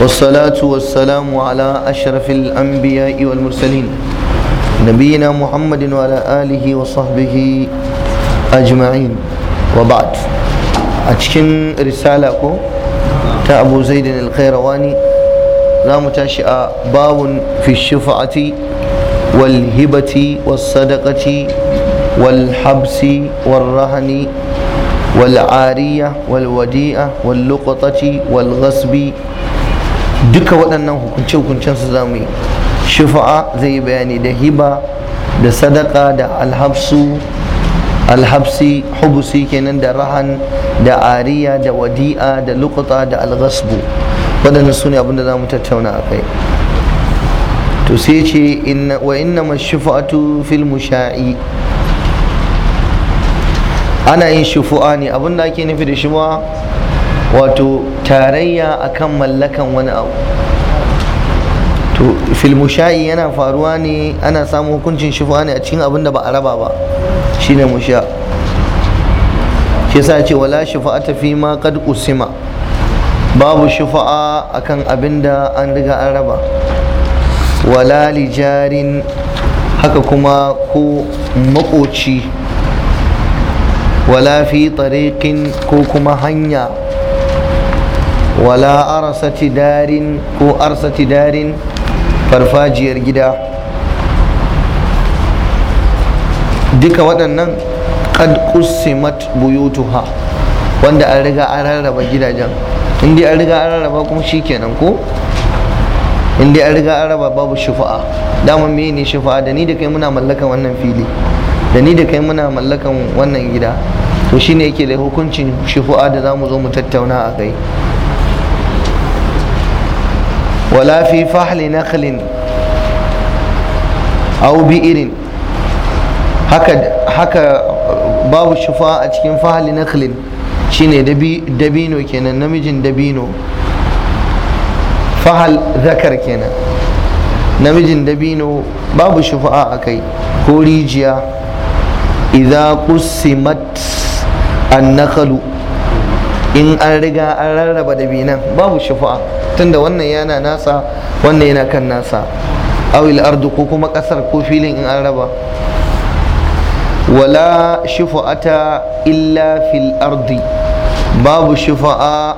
والصلاة والسلام على أشرف الأنبياء والمرسلين نبينا محمد وعلى آله وصحبه أجمعين وبعد أتكن رسالة تا أبو زيد الخيرواني لا متشأ باب في الشفعة والهبة والصدقة والحبس والرهن والعارية والوديئة واللقطة والغصب duka waɗannan hukunce-hukuncen su za mu yi shifa'a zai yi bayani da hiba da sadaka da alhafsu alhafsi hubusi kenan da rahan da ariya da wadi'a da lukuta da algasbu waɗannan su ne abinda za mu tattauna a kai to sai ce wa inna mashifa'atu filmu musha'i ana yin shufu'a ne abinda ake nufi da shi wato tarayya akan mallakan wani abu to filmushayi yana faruwa ne ana samun hukuncin shifa ne a cikin abin da ba a raba ba shine musha shi yasa ce wala shifa'ata fi ma qad usima babu shifa'a akan abin da an riga an raba wala lijarin haka kuma ko maƙoci. wala fi tariqin ko kuma hanya wala arsati darin ko arsati darin farfajiyar gida duka waɗannan qad qussimat buyutuha wanda an riga an rarraba gidajen in dai an riga an rarraba kuma shikenan ko in dai an riga an raba babu shufa'a dama me ne shufa'a da ni da kai muna mallakan wannan fili da ni da kai muna mallakan wannan gida to shine yake da hukuncin shufa'a da zamu zo mu tattauna a kai ولا في فحل نخل أو بئر haka haka babu shufa a cikin fahali nakhlin shine dabino kenan namijin dabino fahal zakar kenan namijin dabino babu shufa a kai ko rijiya idza qusimat an in an riga an rarraba dabinan babu shufa. tunda wannan yana nasa wannan yana kan nasa awil ardu ko kuma kasar ko filin in an raba wala shufa'ata illa fil ardi babu shufa'a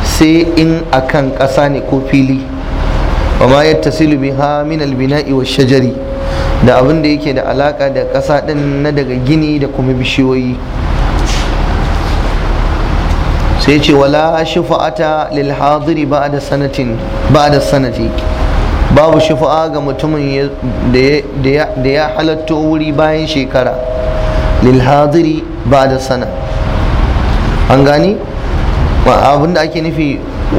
sai in akan ƙasa ne ko fili wa ma yattasilu biha min albina'i wa shajari da abin da yake da alaka da ƙasa ɗin na daga gini da kuma bishiyoyi sai ce wala shufa'ata lil hadiri ba'da sanatin ba'da sanati babu shufa'a ga mutumin da ya halatto wuri bayan shekara lil hadiri ba'da sana an gani abin da ake nufi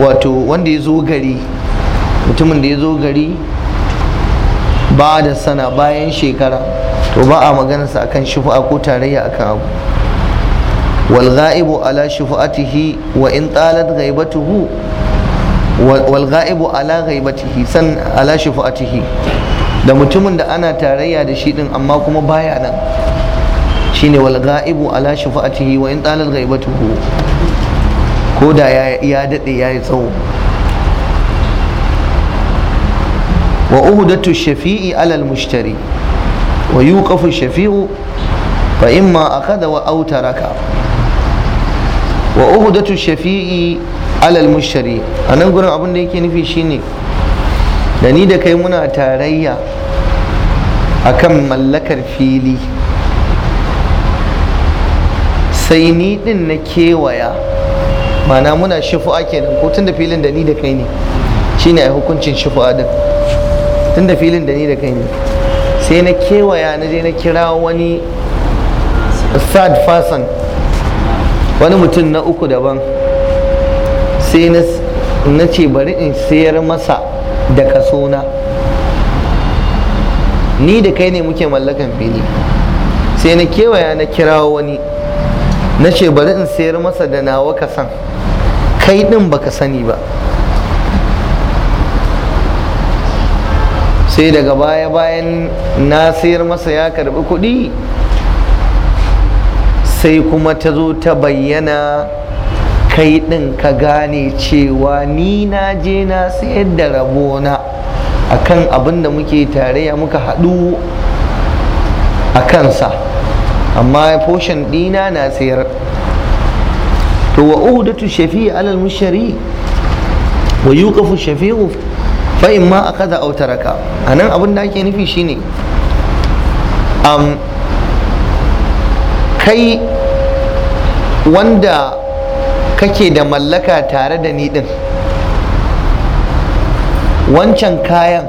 wato wanda ya zo gari mutumin da ya zo gari ba da sana bayan shekara to ba a maganarsa akan shufa'a ko tarayya akan abu والغائب على شفعته وإن طالت غيبته والغائب على غيبته سن على شفعته da mutumin da ana tarayya da shi din amma kuma baya nan shine wal ghaibu ala shafa'atihi wa in talal ghaibatuhu ko da ya ya dade yayi tsawo wa uhudatu shafi'i ala al mushtari wa yuqafu shafi'u fa imma akhadha wa autaraka. wa uhudatu shafi'i alal mushari a nan gurin abin da yake nufi shine da ni da kai muna tarayya akan mallakar fili sai ni din na kewaya mana muna shifu'a kenan ko da filin da ni da kai ne shine a hukuncin shifu'a din Tun da filin da ni da kai ne sai na kewaya na je na kira wani third person wani mutum na uku daban sai na ce bari in sayar masa da kasona ni da kai ne muke mallakan fili sai na kewaya na kirawo wani na ce bari in sayar masa da nawa kasan kai din baka sani ba sai daga baya bayan na sayar masa ya karbi kuɗi sai kuma ta zo ta bayyana kai ɗin ka gane cewa ni na je na sayar da rabona akan abin da muke tarayya muka haɗu a kansa amma foshin ɗina na sayar to wa uhudatu shafi'i alal mushari wa yuqafu shafi'u fa imma akaza aw taraka anan abin da ake nufi shine um, kai wanda kake da mallaka tare da ni din wancan kayan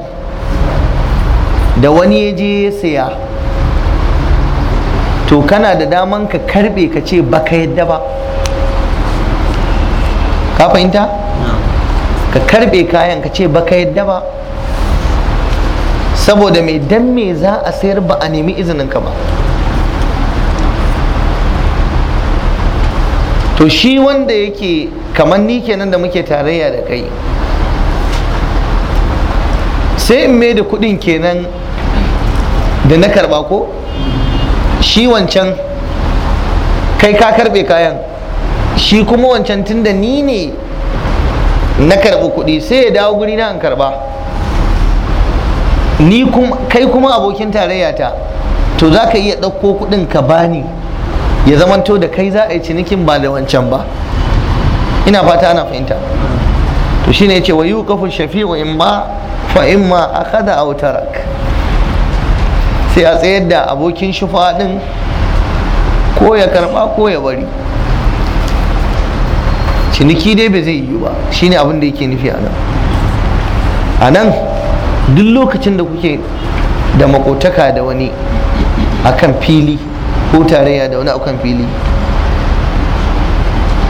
da wani ya je ya saya to kana da daman ka karbe ka ce baka yadda ba ka fahimta ka karbe kayan ka ce baka yadda ba saboda mai dan me za a sayar ba a nemi izininka ba to shi wanda yake kamar ni kenan da muke tarayya da kai sai in mai da kudin kenan da na karba ko shi wancan kai ka karbe kayan shi kuma wancan tun da ni ne na karbi kudi sai ya dawo guri na an karba ni kai kuma abokin tarayya ta to za ka iya ɗauko kudin ka bani ya zamanto da kai za a yi cinikin ba da wancan ba ina fata ana fahimta to shine yace wa yuqafu shafi'u imma fa imma akhadha aw tarak sai a tsayar da abokin shufa din ko ya karba ko ya bari ciniki dai bai zai yi ba shine abin da yake nufi a nan a nan duk lokacin da kuke da makotaka da wani akan fili ko tarayya da wani aukan fili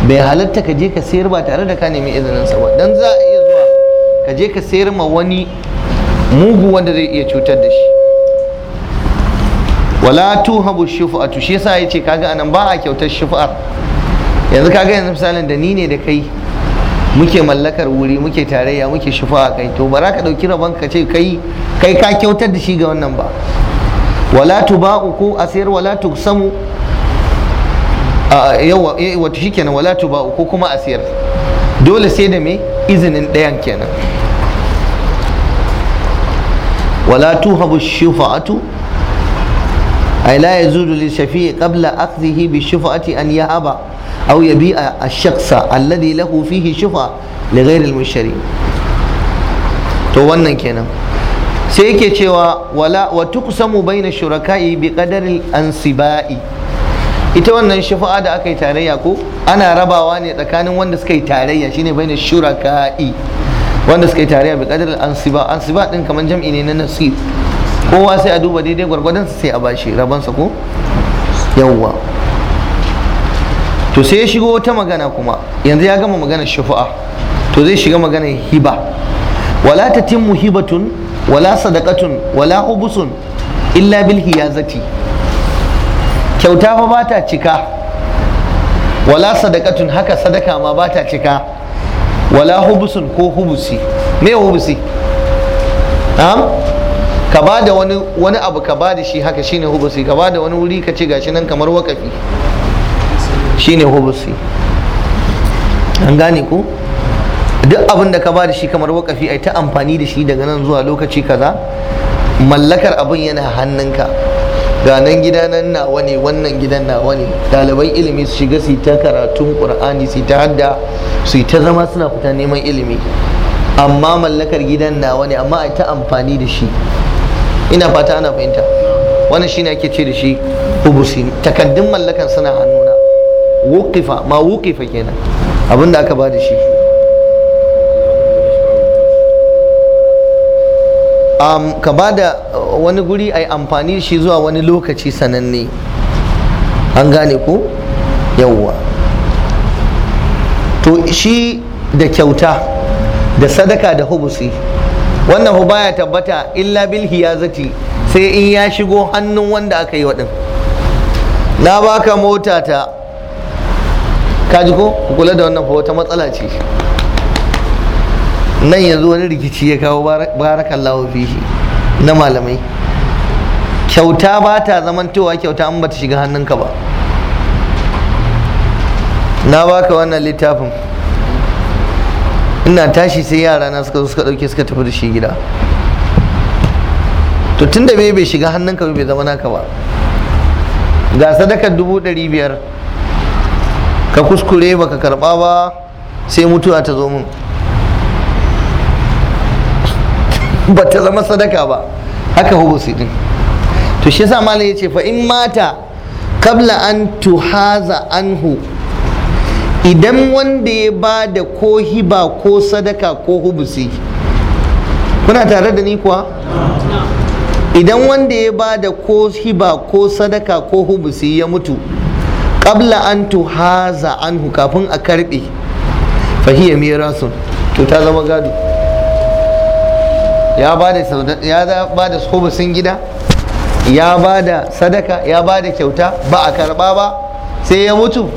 bai halatta ka je ka sayar ba tare da ka nemi izinin sa ba dan za a iya zuwa ka je ka sayar ma wani mugu wanda zai iya cutar da shi wala tuhabu shufa'atu shi yasa yace kaga anan ba a kyautar shufa'ar yanzu kaga yanzu misalin da ni ne da kai muke mallakar wuri muke tarayya muke shufa a kai to ba za ka ɗauki rabon ka ce kai kai ka kyautar da shi ga wannan ba wala ba ko a sayar wala tuksamu yawa eh, wato shikenan wala ba ko kuma a sayar dole sai da me izinin ɗayan kenan wala tuhabu shufa'atu ay la yazudu lil shafi'i qabla akhdhihi bi shufa'ati an yahaba aw yabi'a ash-shakhsa alladhi lahu fihi shufa li ghayri al-mushtari to wannan kenan sai yake cewa wala wa tuqsamu baina shuraka'i bi al ansibai ita wannan shafa'a da aka yi tarayya ko ana rabawa ne tsakanin wanda suka yi tarayya shine baina shuraka'i wanda suka yi tarayya bi al ansiba ansiba din kaman jam'i ne na nasib kowa sai a duba daidai gwargwadon sa sai a bashi raban sa ko yawwa to sai ya shigo wata magana kuma yanzu ya gama magana shafa'a to zai shiga magana hiba wala tatimmu hibatun wala sadakatun wala hubusun illa bil hiyazati kyauta fa bata cika wala sadakatun haka sadaka ma bata cika wala hubusun ko hubusi me hubusi na'am ka ba da wani wani abu ka ba da shi haka shine hubusi ka ba da wani wuri ka ce gashi nan kamar wakafi shine hubusi an gane ku duk abin da ka ba da shi kamar wakafi ai ta amfani da shi daga nan zuwa lokaci kaza mallakar abin yana hannunka ga nan gida nan nawa ne wannan gidan nawa ne ɗaliban ilimi su shiga su ta karatun ƙur'ani su ta hadda su ta zama suna fita neman ilimi amma mallakar gidan nawa ne amma ai ta amfani da shi ina fata ana fahimta wannan shine ake ce da shi hubusi takaddun mallakan suna hannuna wukifa ma wukifa kenan abinda aka ba da shi um, ka ba da uh, wani guri a yi amfani shi zuwa wani lokaci sananne an gane ku yawwa to shi da kyauta da sadaka da hubusi wannan hu baya tabbata illa bilhi ya hiyazati sai in ya shigo hannun wanda aka yi waɗin na baka mota ta kaji ko kula da wannan wata matsala ce nan yanzu wani rikici ya kawo barakallahu fihi na malamai kyauta ba ta zaman zamantowa kyauta an bata shiga hannunka ba na baka wannan littafin ina tashi sai yara na suka suka dauke suka tafi da shi gida to tunda da bai shiga hannunka bai zama naka ba ga sadakar dubu ɗari biyar ka kuskure baka karba ba sai mutuwa ta zo min ba ta zama sadaka ba haka hubusi din to shi yasa malam yace fa in mata kabla an tuhaza anhu idan wanda ya ba da ko hiba ko sadaka ko hubusi kuna tare da ni kuwa idan wanda ya ba da ko hiba ko sadaka ko hubusi ya mutu kabla an tuhaza anhu kafin a karbe fahiyya mirasun to ta zama gado ya ba da ya ba da sun gida ya ba da sadaka ya ba da kyauta ba a karba ba sai ya mutu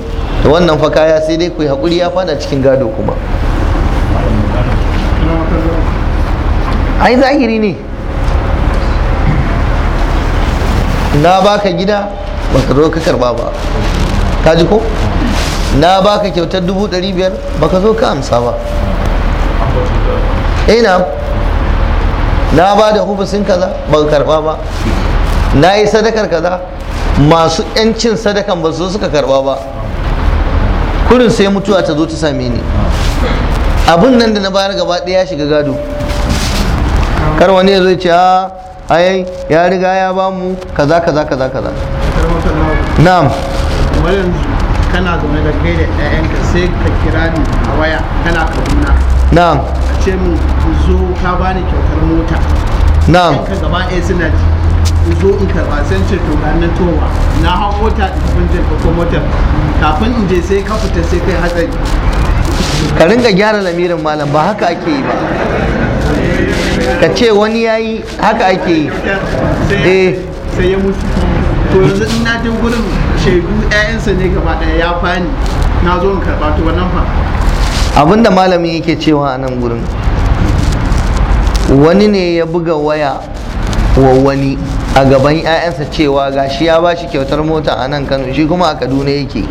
da wannan fa kaya sai dai ku yi haƙuri ya fada cikin gado kuma ai zahiri ne na baka gida ba ka zo ka karba ba ka ji ko na baka kyautar dubu ɗari biyar ba ka zo ka amsa ba ina eh, na ba da hubusin kaza ban karba ba na yi sadakar kaza masu yancin sadakan ba su suka karba ba kurin sai mutuwa ta zo ta same ni abun nan da na bayar gaba ɗaya ya shiga gado kar wani ya ce a ai ya riga ya ba mu kaza kaza kaza kaza na'am kana zaune da kai da ɗayanka sai ka kira ni a waya kana kaduna na'am ce mu zo ka bani kyautar mota na'am ka gaba a suna ji zo in karba san ce to ganin towa na hawo mota da kafin je ko mota kafin in je sai ka fita sai kai hatsari ka ringa gyara lamirin malam ba haka ake yi ba ka ce wani ya yi haka ake yi eh. sai ya mutu to yanzu in na je gurin shaidu 'ya'yansa ne gaba ɗaya ya fani na zo in karba to wannan fa abinda malami yake cewa a nan gurin wani ne ya buga waya wa wani a gaban 'ya'yansa cewa gashi ya bashi kyautar mota a nan kano shi kuma a kaduna yake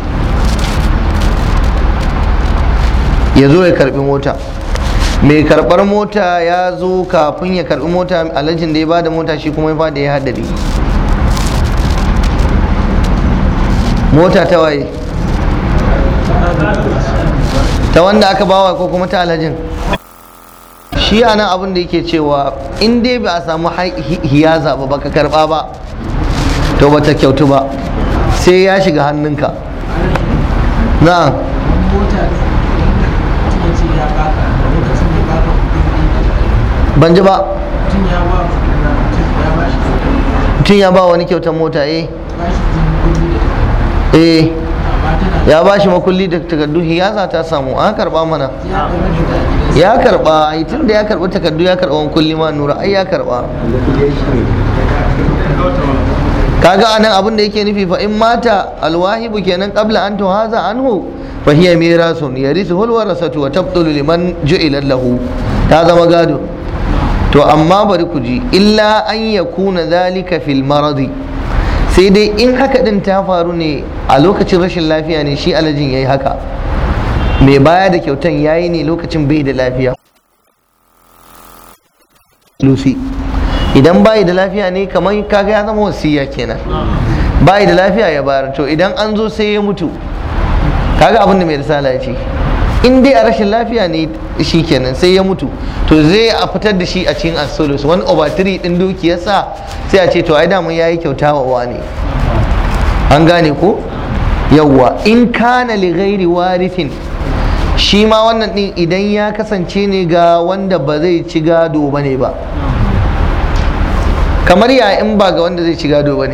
ya zo ya karbi mota mai karbar mota ya zo kafin ya karbi mota alhajin da ya bada mota shi kuma ya fada ya hadari mota ta waye ta wanda aka bawa ko kuma ta alhajin shi anan abin da yake cewa in dai ba a samu hiyaza ba baka karba ba to ba ta kyautu ba sai ya shiga hannunka na'am ban ji ba mutum ya ba wani kyautar mota eh eh ya ba shi makulli da takardu hiyasa ta samu an karba mana ya karba tun da ya karba takardu ya karba makulli ma nura ai ya karba kaga anan abin da yake nufi fa in mata alwahibu kenan qabla an tuhaza anhu fa hiya mirasun yarithuhu alwarasatu wa tabdulu liman ju'ila lahu ta zama gado to amma bari ku ji illa an yakuna dhalika fil maradi sai dai in haka din ta faru ne a lokacin rashin lafiya ne shi alajin ya yi haka mai baya da kyautan ya yi ne lokacin bai da lafiya lusi idan bai da lafiya ne kamar kaga ya zama wasiya kenan bai da lafiya ya bayar to idan an zo sai ya mutu kaga abin da mai risala ya ce in dai a rashin lafiya ne shi kenan sai ya mutu to zai a fitar da shi a cikin asolus wani obatiri din dukiyarsa sai a ce to ai damun yayi kyauta wa wani an gane ko yawwa in kana li ghairi warithin shi ma wannan din idan ya kasance ne ga wanda ba zai ci gado ba ba kamar ya in ba ga wanda zai ci gado ba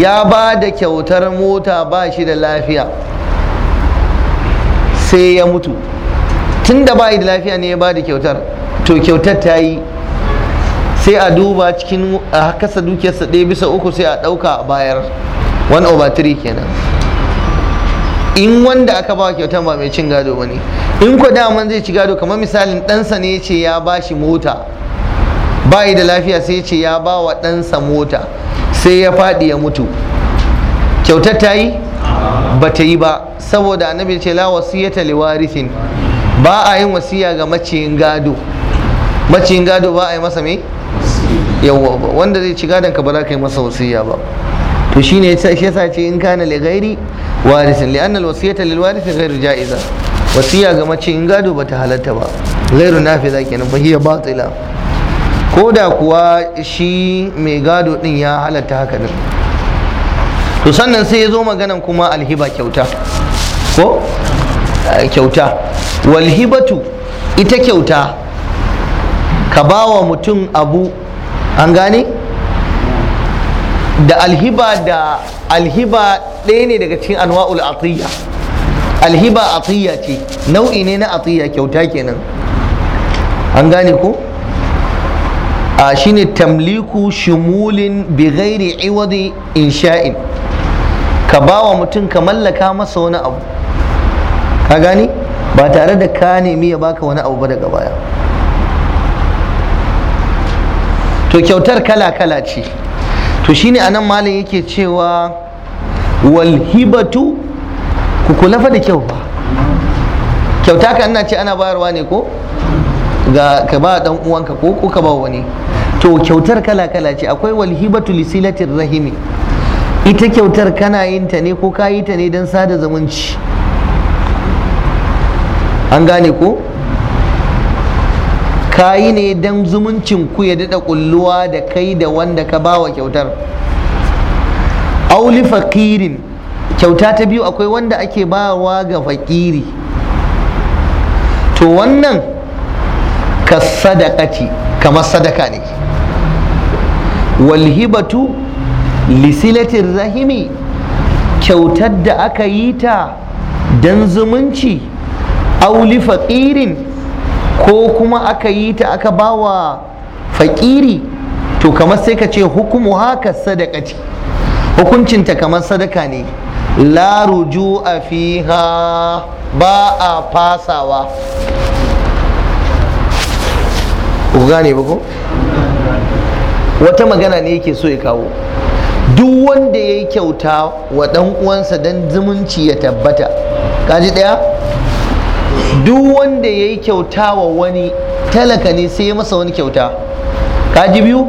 ya ba da kyautar mota ba shi da lafiya sai ya mutu tun da bayi da lafiya ne ya ba da kyautar to kyautar ta yi sai a duba cikin a kasa dukiyarsa ɗaya bisa uku sai a ɗauka a bayar 1 over 3 kenan in wanda aka ba kyautar ba mai cin gado ba ne in ko daman zai ci gado kamar misalin ɗansa ne ce ya ba shi mota bayi da lafiya sai ce ya ba wa ɗansa mota sai ya faɗi ya mutu kyautar ta yi ba ta yi ba saboda annabi ce la wasiyata liwarithin ba a yin wasiya ga maciyin gado maciyin gado ba a yi masa me yawa wanda zai ci gadon ka ba za ka yi masa wasiya ba to shine shi yasa ce in kana li ghairi warithin li anna alwasiyata lil warith ghairu ja'iza wasiya ga maciyin gado ba ta halatta ba ghairu nafiza kenan ba hiya batila ko da kuwa shi mai gado din ya halatta haka din to sannan sai ya zo maganan kuma alhiba kyauta ko eh, kyauta walhibatu ita kyauta ka ba wa mutum abu an gane da alhiba da alhiba ɗaya ne daga cikin anwa'ul atiyya alhiba atiyya ce nau'i ne na atiyya kyauta kenan an gane ko a ah, shine tamliku shumulin bi ghairi iwadi insha'in ka ba wa mutum ka mallaka masa wani abu ka gani ba tare da ka nemi ya baka wani abu ba daga baya to kyautar kala-kala ce to shine anan malam yake cewa walhibatu ku kula da kyau ba kyauta ka ina ce ana bayarwa ne ko ga ka ba dan uwanka ko ko ka ba wani to kyautar kala-kala ce akwai walhibatu lisilatir rahimi ita kyautar kana yin ta ne ko ka yi ta ne don sada zumunci an gane ko ka yi ne don zumuncin ku ya daɗa ƙulluwa da kai da wanda ka ba kyautar auli fakirin kyauta ta biyu akwai wanda ake bawa ga Faƙiri. to wannan ka sadakati kamar sadaka ne walhibatu lisilatin rahimi kyautar da aka yi ta don zumunci auli faƙirin ko kuma aka yi ta aka bawa faƙiri to kamar sai ka ce hukumu haka sadaka ce hukuncinta kamar sadaka ne la a fiha ba a fasawa ku gane ba ko wata magana ne yake so ya kawo duk wanda ya yi kyauta wa ɗan uwansa don zumunci ya tabbata kaji ɗaya duk wanda ya yi kyauta wa wani talaka ne sai ya masa wani kyauta kaji biyu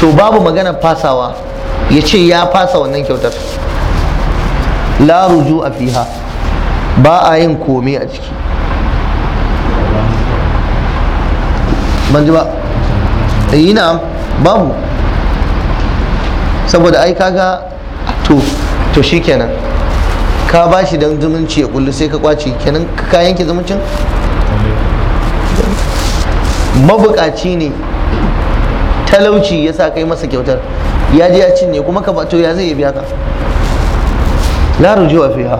to babu magana fasawa ya ce ya fasa wannan kyautar la a fiha ba a yin komai a ciki ba eh, babu saboda ai kaga to to shikenan ka ba shi don zumunci ya kullu sai ka kwace kenan ka yanke zumuncin mabukaci ne talauci ya sa kai masa kyautar ya je ya cinye kuma ka to ya zai yi biya ka la rujuwa fiha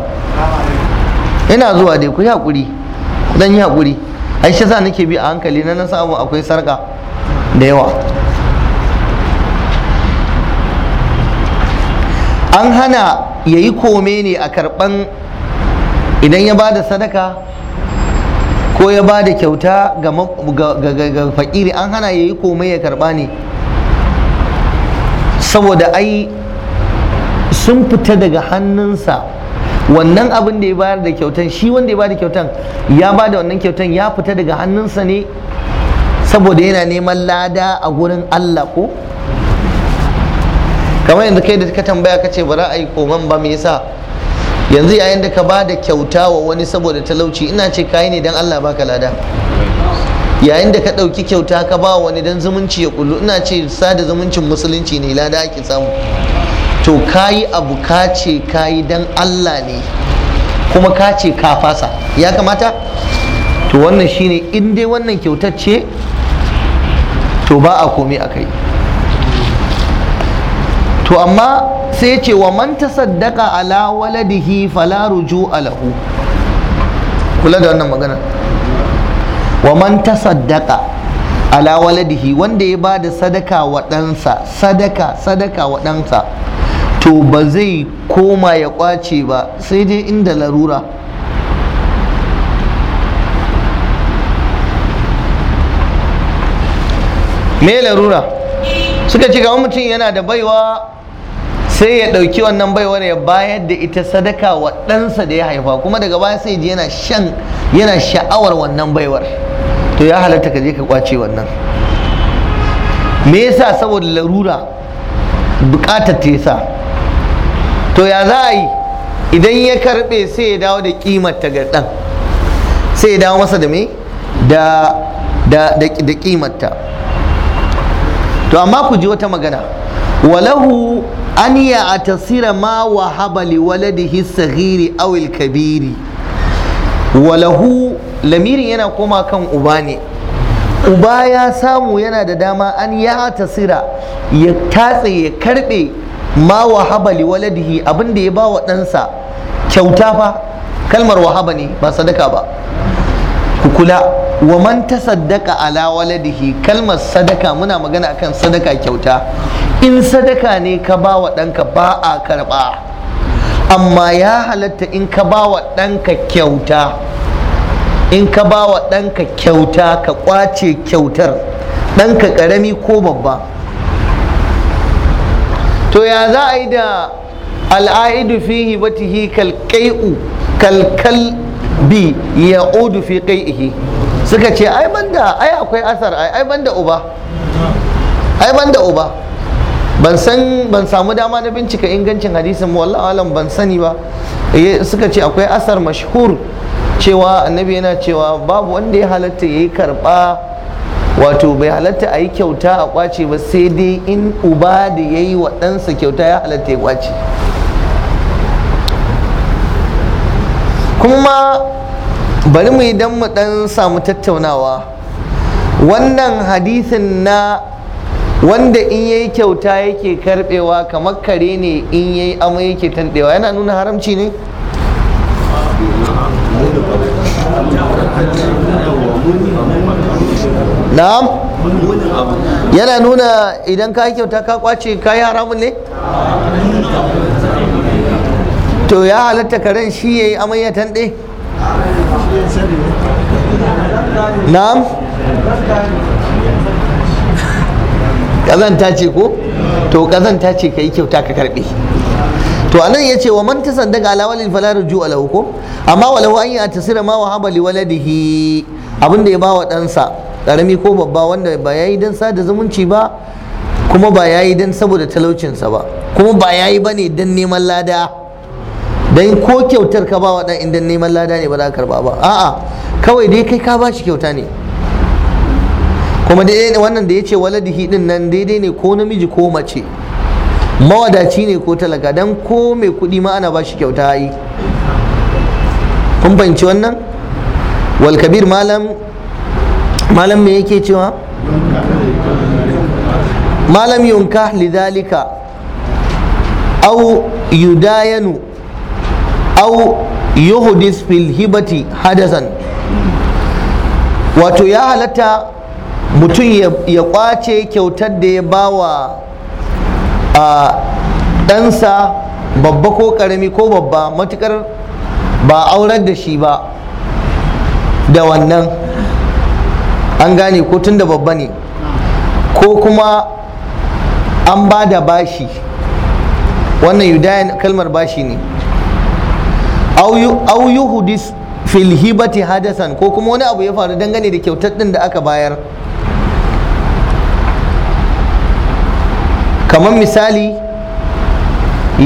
ina zuwa dai ku yi hakuri dan yi hakuri ai za sa nake bi a hankali na nan samu akwai sarka da yawa an hana ya yi kome ne a karɓan idan ya ba da sadaka ko ya ba da kyauta ga fakiri an hana ya yi kome ya karɓa ne saboda ai sun fita daga hannunsa wannan abin da ya bayar da kyautan shi wanda ya ba da kyautan ya ba da wannan kyautan ya fita daga hannunsa ne saboda yana neman lada a gurin Allah ko kamar yanzu kai da ka tambaya ka ce ba za a yi koman ba me yasa yanzu yayin da ka ba da kyauta wa wani saboda talauci ina ce kayi ne don Allah baka lada yayin da ka ɗauki kyauta ka ba wani don zumunci ya kullu ina ce sada zumuncin musulunci ne lada ake samu to kayi abu ka ce kayi don Allah ne kuma ka ce ka fasa ya kamata to wannan shine in dai wannan kyautar ce to ba a komi a kai to amma sai ce wa man saddaka ala waladihi fala ruju alahu. kula da wannan magana wa man saddaka ala waladihi wanda ya ba da sadaka wa ɗansa sadaka sadaka wa ɗansa to ba zai koma ya kwace ba sai dai inda larura me larura suka ce ga mutum yana da baiwa sai ya ɗauki wannan baiwar ya bayar da ita sadaka wa ɗansa da ya haifa kuma daga baya sai ji yana shan yana sha'awar wannan baiwar to ya halatta ka je ka kwace wannan me yasa saboda larura bukatar ta yasa to ya za a yi idan ya karbe sai ya dawo da kimar ta ga ɗan sai ya dawo masa da me da da da kimar ta to amma ku ji wata magana walahu an a atasira ma wa habali waladihi awil kabiri walahu lamirin yana koma kan uba ne uba ya samu yana da dama an ya tasira ya tatse ya karbe ma wa habali waladihi abinda ya ba wa ɗansa kyauta fa kalmar wahaba ne ba sadaka ba ku wa man tasaddaqa ala waladihi kalmar sadaka muna magana akan sadaka kyauta in sadaka ne ka ba wa ɗanka ba a karɓa amma ya halatta in ka ba wa ɗanka kyauta in ka ba wa ɗanka kyauta ka ƙwace kyautar ɗanka ƙarami ko babba to ya za a yi da al'aidu fi hibatihi kalkai'u bi ya odu fi kai'ihi suka ce ai banda ai akwai asar ai banda uba ai banda uba ban san ban samu dama na bincika ingancin hadisin wallahi alam ban sani ba eh, suka ce akwai asar mashhur cewa annabi yana cewa babu wanda ya halatta yayi karba wato bai halatta a yi kyauta a kwace ba sai dai in uba da ya yi wa ɗansa kyauta ya halatta ya kwace kuma bari mu idan mu ɗan samu tattaunawa wannan hadisin na wanda in yayi kyauta yake karbewa kamar kare ne in yayi amai yake tandewa yana nuna haramci ne na'am yana nuna idan ka kyauta ka kwace ka yi haramun ne to ya halatta karen shi ya yi amai ya tanɗe na'am kazanta ce ko to kazanta ce ka yi kyauta ka karbe to anan ya ce wa man ta saddaga ala walil fala ruju alahu ko amma walahu an yi a tasira ma wa habali waladihi abin da ya bawa ɗansa karami ko babba wanda ba ya yi don sada zumunci ba kuma ba ya yi don saboda talaucinsa ba kuma ba ya yi ba ne don neman lada don ko kyautar ka ba wa ɗan in neman lada ne ba za ka karba ba a'a kawai dai kai ka ba shi kyauta ne kuma dai wannan da ya ce waladihi din nan daidai ne ko namiji ko mace mawadaci ne ko talaka dan ko mai kuɗi ma ana ba shi kyauta yi kun fahimci wannan wal malam malam me yake cewa malam yunka lidalika au yudayanu au yuhdis fil hibati hadasan wato ya halatta mutum ya kwace kyautar da ya bawa a ɗansa babba ko ƙarami ko babba matukar ba aurar da shi ba da wannan an gane ko tun da babba ne ko kuma an ba da bashi wannan yudayan kalmar bashi ne au yuhudis fil hibati hadasan ko kuma wani abu ya faru dangane da kyautar din da aka bayar kamar misali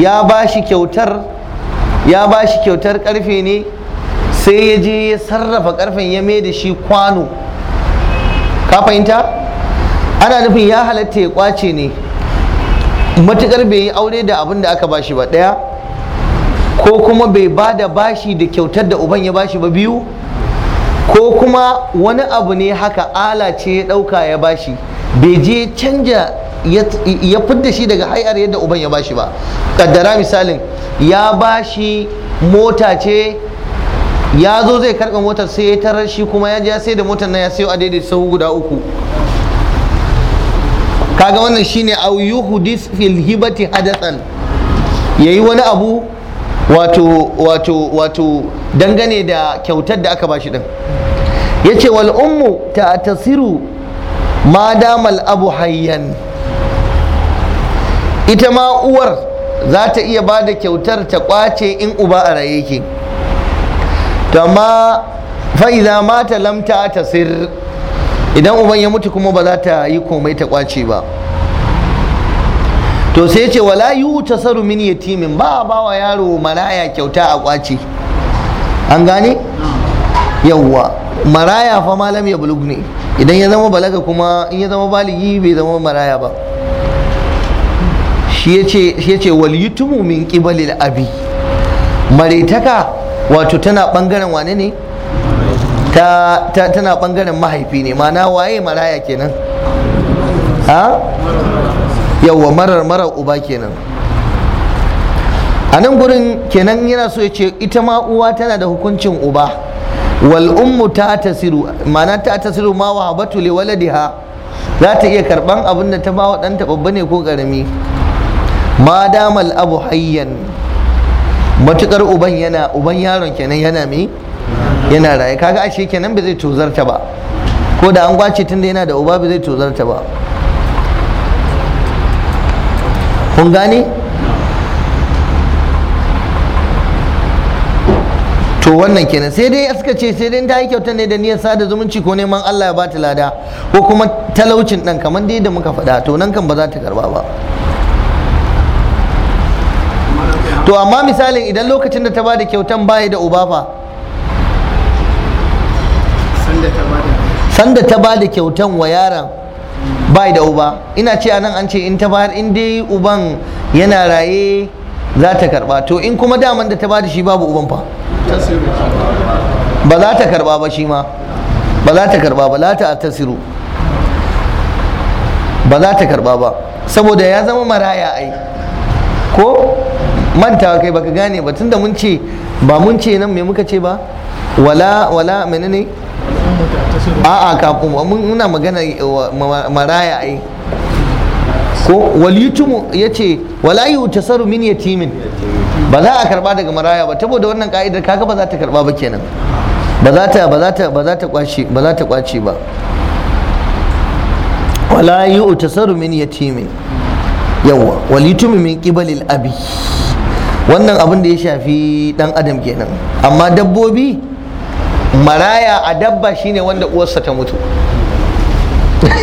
ya ba shi kyautar ya ba shi kyautar karfe ne sai ya je ya sarrafa karfen ya mai da shi kwano ka fahimta ana nufin ya halatta ya kwace ne matukar bai yi aure da abin da aka bashi ba ɗaya ko kuma bai ba da bashi da kyautar da uban ya bashi ba biyu ko kuma wani abu ne haka ala ce ya ɗauka ya bashi bai je canja ya fidda shi daga hayar yadda uban ya bashi ba kaddara misalin ya bashi mota ce ya zo zai karɓa motar sai ya tarar shi kuma ya ja sai da motar na ya sayo a daidai sahu guda uku kaga wannan shine au yuhdis fil hibati hadathan yayi wani abu wato dangane da kyautar da aka bashi din yace wal ummu ta tasiru ma damal abu hayyan ita ma uwar za ta iya ba da kyautar ta kwace in uba a raye ke to amma fa'iza mata lamta ta sir idan uban ya mutu kuma ba za ta yi komai ta kwace ba to sai ce wala yu tasaru min yatimin ba ba wa yaro maraya kyauta a kwace an gane yawwa maraya fa malam ya bulug ne idan ya zama balaga kuma in ya zama baligi bai zama maraya ba shi ya ce yace wal yutumu min qibalil abi maritaka wato tana bangaren wane ne tana bangaren mahaifi ne mana waye maraya kenan ha yawwa marar marar uba kenan a nan gurin kenan yana so ya ce ita ma uwa tana da hukuncin uba wal ummu ta tasiru mana ta tasiru ma wa habatu li waladiha za ta iya karban abin da ta ba wa ɗanta babba ne ko ƙarami ma damal abu hayyan matukar uban yana uban yaron kenan yana me yana raye kaga ashe kenan ba zai tozarta ba ko da an gwace tunda yana da uba ba zai tozarta ba kun gane to wannan kenan sai dai suka ce sai dai ta yi kyauta ne da niyyar sada zumunci ko neman Allah ya ba ta lada ko kuma talaucin ɗan kamar dai da muka faɗa to nan kan ba za ta karba ba to amma misalin idan lokacin da ta ba da kyautan baya da uba fa sanda ta ba da kyautan wa yaron bai da uba ina ce anan an ce in ta ba in dai uban yana raye za ta karba to in kuma daman da ta ba da shi babu uban fa ba za ta karba ba shi ma ba za ta karba ba la ta tasiru ba za ta karba ba saboda ya zama maraya ai ko mantawa kai baka gane ba tunda mun ce ba mun ce nan me muka ce ba wala wala menene a'a kafin mun muna magana maraya ai ko waliyutum ya ce wala yi tasaru min yatimin ba za a karba daga maraya ba saboda wannan ka'idar kaga ba za ta karba ba kenan ba za ta ba za ta ba za ta kwace ba za ta kwace ba wala yi tasaru min yatimin yawa waliyutum min qibalil abi wannan abin da ya shafi dan adam kenan amma dabbobi maraya a dabba shine wanda uwarsa ta mutu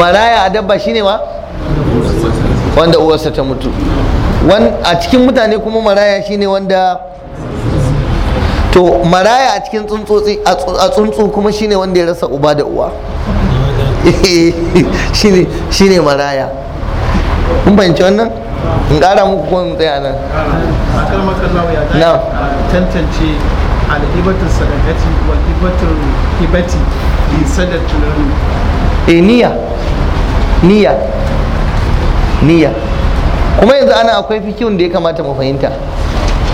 maraya a dabba shine ma wanda uwarsa ta mutu a cikin mutane kuma maraya shine wanda to maraya a cikin tsuntsotsi a tsuntsu kuma shine wanda ya rasa uba da uwa shine maraya kun fahimci wannan in ƙara muku kuma in tsaya nan a kalmar kallawa ya ta tantance alhibatun sadakati wa alhibatun hibati in sadar tunanu e niyya niyya niyya kuma yanzu ana akwai fikihun da ya kamata mu fahimta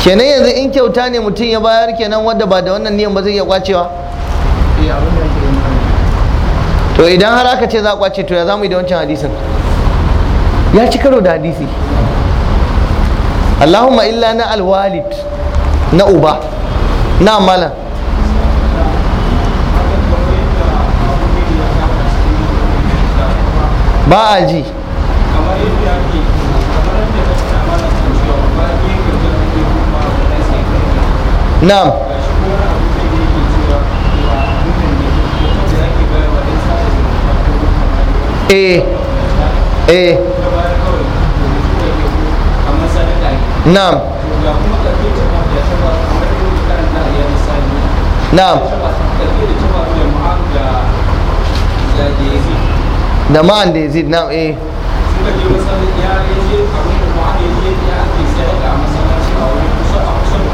kenan yanzu in kyauta ne mutum ya bayar kenan wadda ba da wannan niyan ba zai iya kwacewa eh, to idan har aka ce za a kwace to ya zamu yi da wancan hadisin ya ci karo da hadisi Allahumma illa na alwalid na uba na malam ba a ji na'am eh eh na'am na'am da ma'an da yazid na'am eh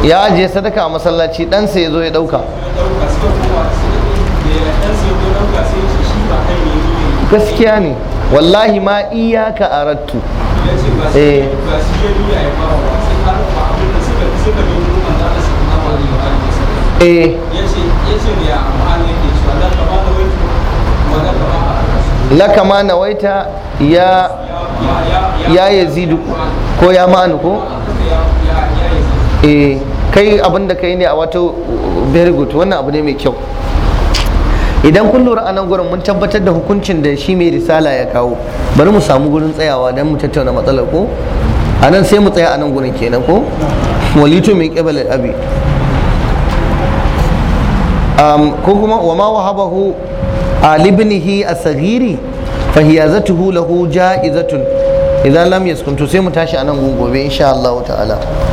ya ajiye sadaka a masallaci ɗansa ya zo ya ɗauka gaskiya ne wallahi ma iyaka arattu eh Eh. laka ma nawaita ya ya yazidu ko ya ma'anu ko eh kai abinda da kai ne a wato very good wannan abu ne mai kyau idan kun lura a nan gurin mun tabbatar da hukuncin da shi mai risala ya kawo bari mu samu gurin tsayawa don mu tattauna matsalar ko a nan sai mu tsaya a nan gurin kenan ko walitu min qibal al-abi Um, ko kuma wa ma wahabahu alibnihi as-saghiri fahiyazatuhu lahu ja'izatun idan lam yaskun sai mu tashi anan gobe insha Allah ta'ala